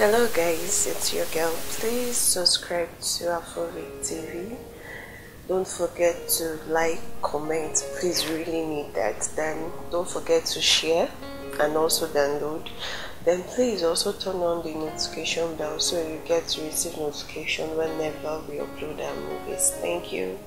Hello guys, it's your girl. Please subscribe to Afrobeat TV. Don't forget to like, comment. Please really need that. Then don't forget to share and also download. Then please also turn on the notification bell so you get to receive notification whenever we upload our movies. Thank you.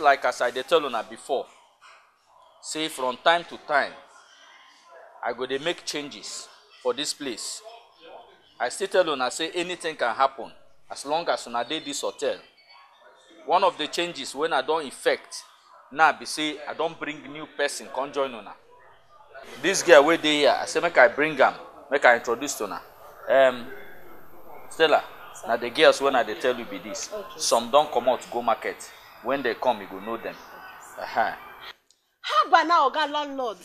like as i dey tell una before say from time to time i go dey make changes for this place i still tell una say anything can happen as long as una dey this hotel one of the changes wey i don effect now be say i don bring new person come join una This girl wey dey here i say make i bring am make i introduce to una um, stella na the girls wey i dey tell you be dis some don comot go market when they come you go know them. Uh-huh. haba now oga landlord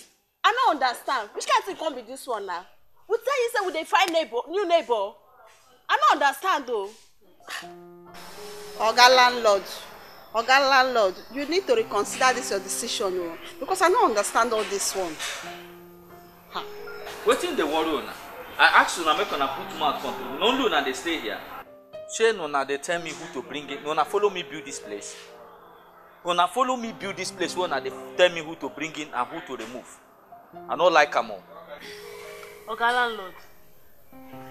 i no understand which kind thing come be this one na we tell you say we dey find neighbor new neighbor i no understand o. oga landlord oga landlord you need to reconsider this your decision o oh. because i no understand all this one. Ha. wetin dey worry una i ask una make una put mouth for me una know una dey stay here shey una dey tell me who to bring in una follow me build dis place una follow me build this place wey una dey tell me who to bring in and who to remove i no like am o. oga landlord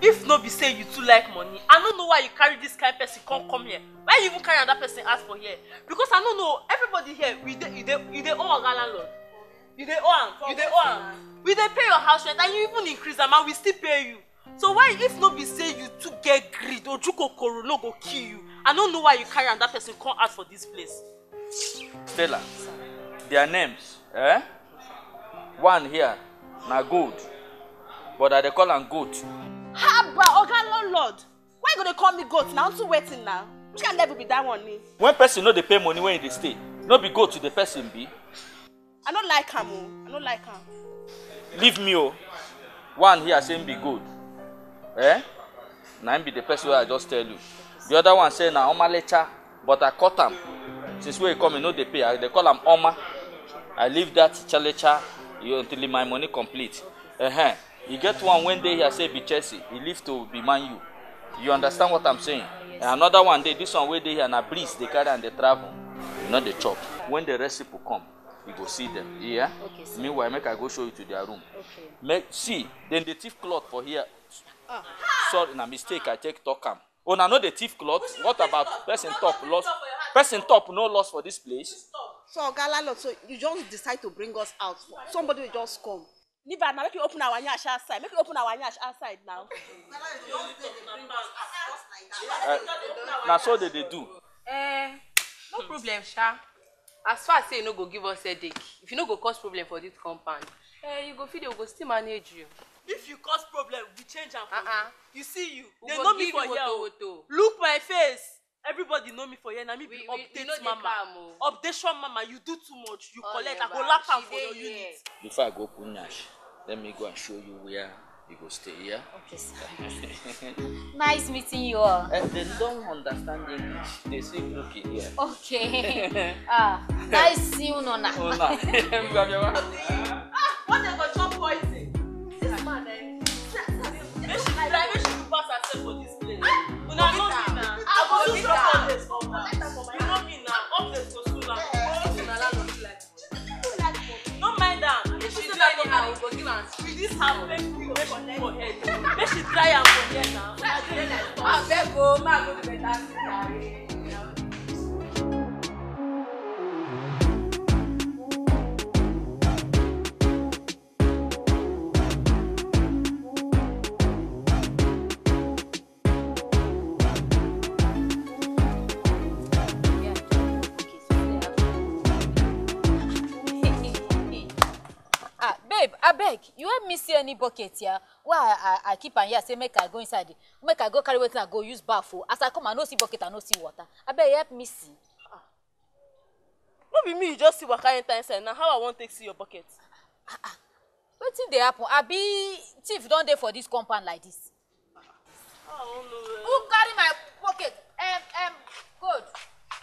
if no be say you too like money i no know why you carry this kind person come come here why you even carry another person ask for here because i no know everybody here we dey you dey you dey owe oga landlord you dey owe am you dey owe am we dey pay your house rent and you even increase am and we still pay you so why if no be say you too get greed ojukokoro no go kill you i no know why you carry another person come ask for this place. Stella. Their names, eh? One here, na gold. But I they call am goat. Haba, Oga Lord! why you go dey call me goat Now I'm too waiting now. Which can never be that one ni? When person know they pay money when they stay, no be goat to the person be. I don't like him, o, I don't like him. Leave me oh! One here saying be good, Eh? Now him be the person wey I just tell you. The other one say na Omalecha, but I cut am since wey e come e no dey pay i dey call am oma i leave that chalecha until my money complete uh -huh. e get one wey dey here say be chelsea e leave to be man u you understand what i'm saying and another one dey this one wey dey here na breeze dey carry am dey travel e no dey chop when the rest people come you go see them yeah okay, meanwhile make i go show you to their room okay. make see dem dey thief cloth for here oh. sorry na mistake i take talk am una oh, no dey thief cloth what about person talk lost person top no loss for this place. so oga landlord so you just decide to bring us out somebody will just come. leave am na make you open our yansh outside make you open our yansh outside now. uh, na so they dey do. Uh, no problem sha as far as say you no go give us headache if you no go cause problem for this compound uh, you go feel you go still manage you. if you cause problem we change am for uh -uh. you uh-uh. you see you we dey know me for here o look my face everybody know me for here na me be update mama oh. updation mama you do too much you oh, collect i go laugh am for your unit. before i go kunash let me go and show you where you go stay here. okay sir nice meeting you all. Uh, they don't understand english they say look here. okay ah nice see you nona. una we whatever. this her make we make she for head make she try am for here now. abeg ah, o ma go better sister. like you help me see any bucket here wey i i keep am here say make i go inside make i go carry wetin i go use baff o as i come i no see bucket i no see water abeg help me see. Ah. no be me you just see waka enter inside na how i wan take see your bucket. ah ah wetin dey happen abi thief don dey for dis compound like dis. Ah, eh. who carry my bucket? um, um, gold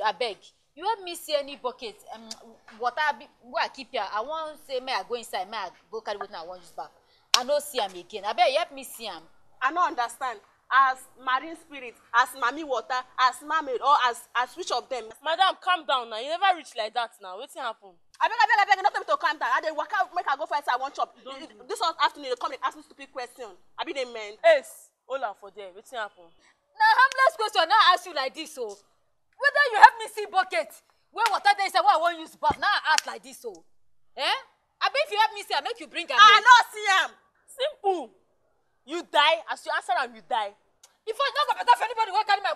abeg you me see any bucket um, water be, go and keep here i wan say may i go inside may i go carry wetin i wan use back i no see am again abeg help me see am. i no understand as marine spirit as mami water as mermaid or as as which of them. madam calm down na you never reach like that na wetin happen. abeg abeg abeg you no tell me to calm down i dey waka make i go find say i wan chop this one afternoon you come dey ask me stupid question abi dey mend. ace hold am for there wetin happen. na harmless question na ask you like this o. Oh whether you help me see bucket wey water dey inside wey i wan use baff na i act like this o oh. so. eh abi if you help me see am make you bring am. i no see am. simple you die as you answer am you die. if I no go better for anybody wey carry my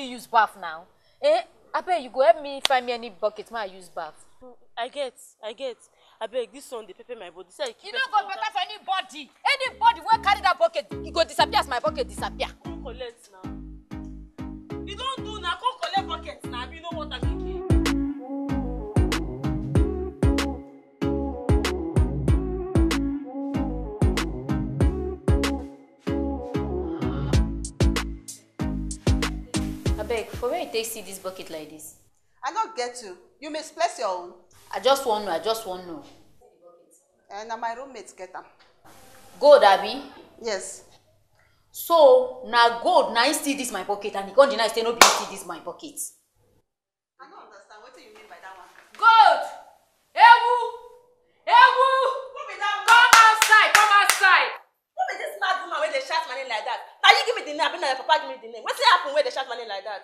fit use baff now eh abeg you go help me find me any bucket make i use baff. i get i get abeg dis one dey pepper my body say i keep. e no go better for anybody anybody wey carry dat bucket e go disappear as my bucket disappear. come collect na you don do na come collect bucket na abi you no want am. take see dis bucket like dis i no get you you misplace your own i just wan know i just wan know eh na my roommate get am gold abi yes so na gold na im steal dis my pocket and he come deny say no be im steal dis my pocket i no understand wetin you mean by dat one gold ewu ewu who be dat come outside come outside who be dis mad woman wey dey shout my name like dat na you give me the name abi na your papa give me the name wetin happen wey dey shout my name like dat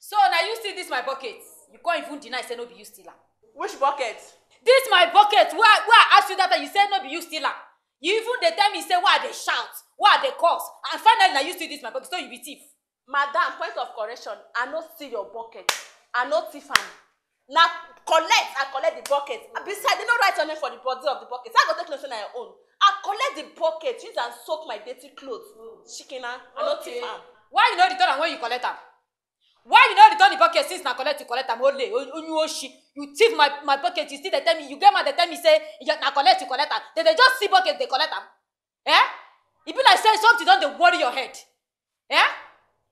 so now you steal this my bucket you come even deny say no be you stealer. which bucket This my bucket Why? i ask you that time you say no be you stealer. you even dey tell me say why i dey shout why i dey curse and finally now you steal this my bucket so you be thief madam point of correction i not steal your bucket i not thief am na collect i collect the bucket besides they not write your name for the body of the bucket i go take know on na your own i collect the bucket use am soak my dirty clothes chicken mm. i not thief am why you not return when you collect her? why you no return the bucket since na collect you collect am ole onyu you thief my my bucket you still dey tell me you get mad dey tell me say na collect you collect am dem dey just see bucket dey collect am eh e be like say something don dey worry your head eh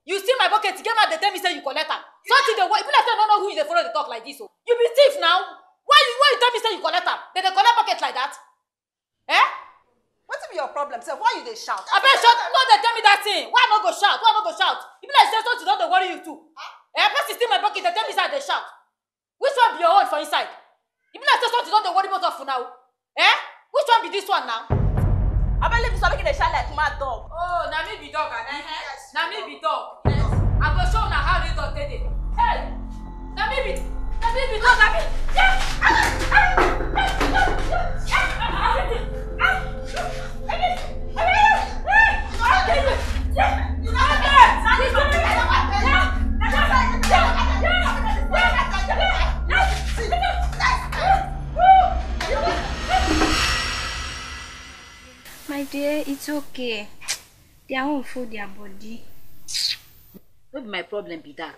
you see my bucket you get mad dey tell me say you collect am something dey worry e be like say you no know who you dey follow dey talk like this o you be thief now why you why you tell me say you collect am dem dey collect bucket like that eh wetin be your problem sef why you dey shout. abeg shout no dey tell me dat thing why i no go shout why i no go shout e be like say something don dey worry you too eh person steal my bucket dey tell me say i dey shout which one be your own for inside e be like say something don dey worry both of una o eh which one be this one now. abeg leave me so i make you dey shout like mad dog. oh na for their body be my problem be that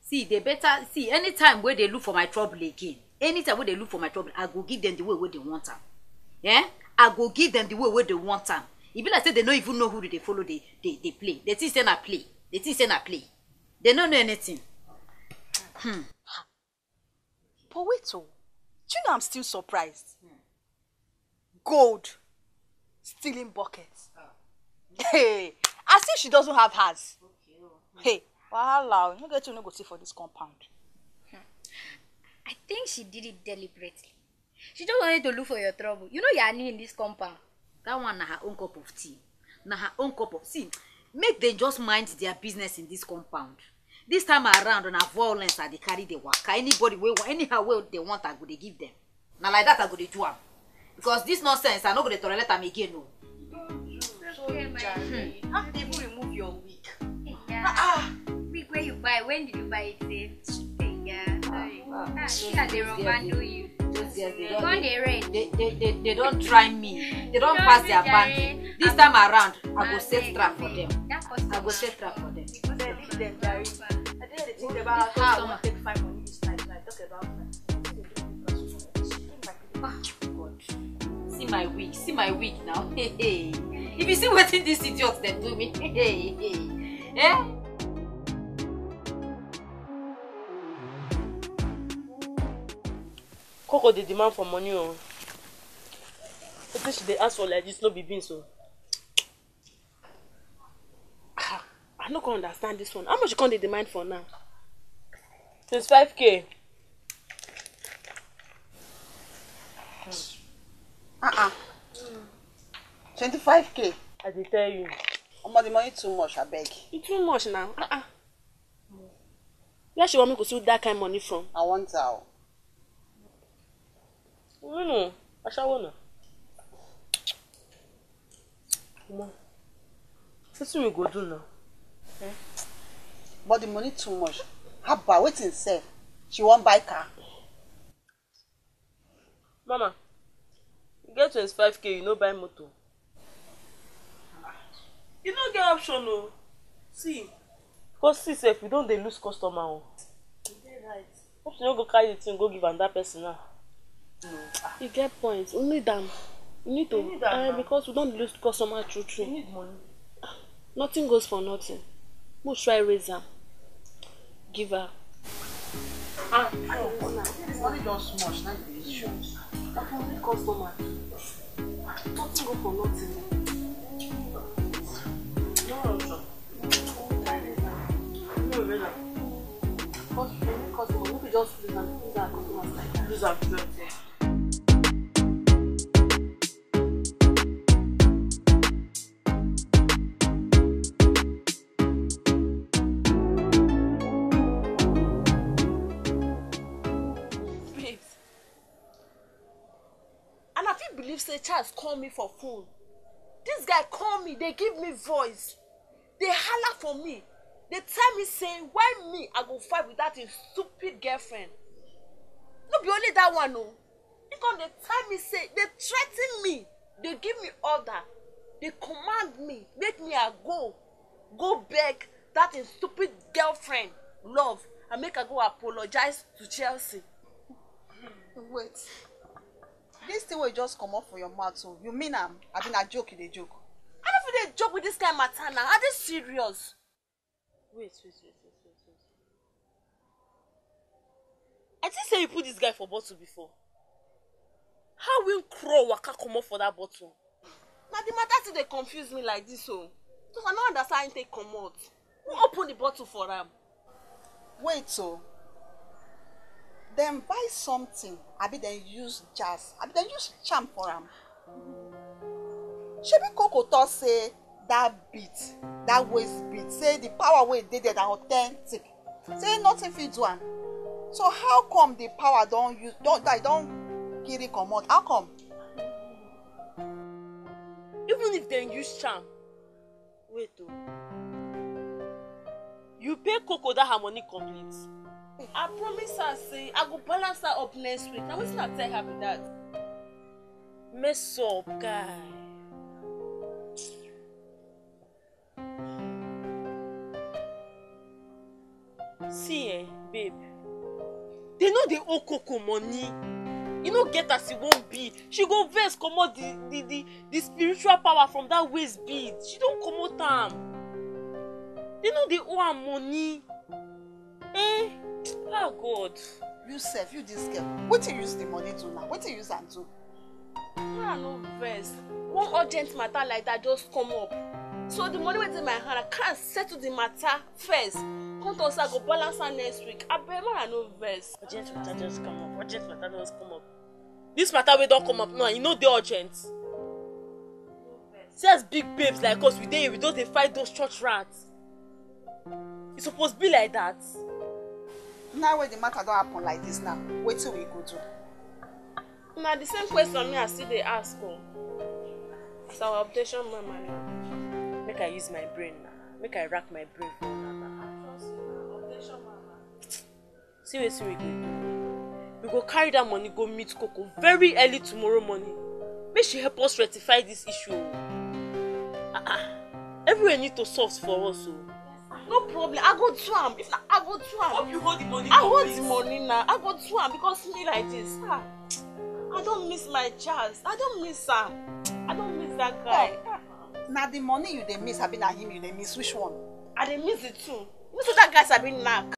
see they better see anytime where they look for my trouble again anytime where they look for my trouble i go give them the way where they want them. Yeah, i go give them the way where they want them. e I say they don't even know who they follow they they they play they think they're not play they think they're not play they don't know anything hmm. but wait oh, do you know i'm still surprised hmm. gold stealing buckets hey as if she doesn't have hers hey wahala you get you no go see for this compound. Hmm. i think she did it deliberately she just wanted to look for your trouble you know you are new in this compound. that one na her own cup of tea na her own cup of tea. make them just mind their business in this compound this time around on a violence they carry the waka anybody wey anyhow wey they want i go they give them. na like that i go they do am because this nonsense i no go to let them again No okay, Jerry. How did people remove your wig? Yeah. Ah, ah. Wig where you buy? When did you buy it? Safe? Ah, ah. ah, they don't, they, they, they, they, don't try me. They don't, pass their boundary. This time around, I go set trap for them. I go set trap for them. See my wig. See my wig now. Hey, hey if you see wetin this idiot dem do me eh. koko they demand for money o wetin she dey ask for like this, no be beans o oh. ah i no understand this one how much you come demand for now Since five k. Uh -uh twenty-five k. i dey tell you. omo the money too much abeg. e too much na uh -uh. Ah. where she want me to steal that kind money from. i want her o. nínú aṣáwó náà. omo What we go do now. Eh? but the money too much haba wetin sef she wan buy car. mama you get twenty-five k you no buy motor you no get option o see because see sef you don dey lose customer o you dey right hope you no go carry the thing go give am that person now no ah, you get point we need am we need to uh, because we don lose customer true true we need money ah, nothing goes for nothing mo try raise am give her. ah no money just much, na the issue na for customer nothing go for nothing. Because you need that? say charles call me for phone this guy call me They give me voice They holler for me dey tell me say why me i go fight with dat stupid girlfriend no be only dat one o im come dey tell me say dey threa ten me dey give me order dey command me make me i go go beg dat im stupid girlfriend love and make i go apologize to chelsea wait dis thing wey you just comot for your mouth so oh, you mean am i mean na joke you dey joke i no fit dey joke with dis kind matter na i dey serious Wait, wait, wait, wait, wait, wait. I think say you put this guy for bottle before. How will crow waka come comot for that bottle? Now the matter still they confuse me like this o. Oh. So I no understand how him take Who open the bottle for am? Wait o. Oh. Then buy something I be then use jazz I be then use charm for am. Shebi Koko talk say that beat that waist beat say the power wey dey there na authentic say nothing fit do am so how come the power don use don die don kiri comot how come. even if dem use charm wait o oh. you pay koko that her money complete i promise her say i go balance her up next week na wetin i tell her be that mess up guy. see eh babe they no dey owe koko money e no get as e wan be she go vex comot the the the the spiritual power from that waist bead she don comot am they no dey owe am money eh ah god. you sef you dis girl wetin you use the money do now wetin you use am do. ma no vex one urgent matter like that just come up so the money wey dey my hand i can settle the matter first come to us, I go balance her next week. I bet man, I no vex. Urgent matter just come up. Urgent matter just come up. This matter we don't come up e No, you know the urgent. See as big babes like us, we dey we don't dey fight those church rats. It's e supposed to be like that. Now wey the matter don't happen like this now, wait till we go do? Now the same question me i still they ask o it's our obsession, updation man. make i use my brain now. make i rack my brain. see wetin we go we go carry that money go meet koko very early tomorrow morning make she help us rectify this issue o ah ah everywhere need to soft for us o. Oh. no problem i go do am if na i go do am. hope you hold the money for me. i hold the money na i go do am because me like this ah i don miss my chance i don miss am i don miss that guy. Oh. na the money you dey miss abi na him you dey miss which one. i dey miss the two you know say dat guy sabi knack.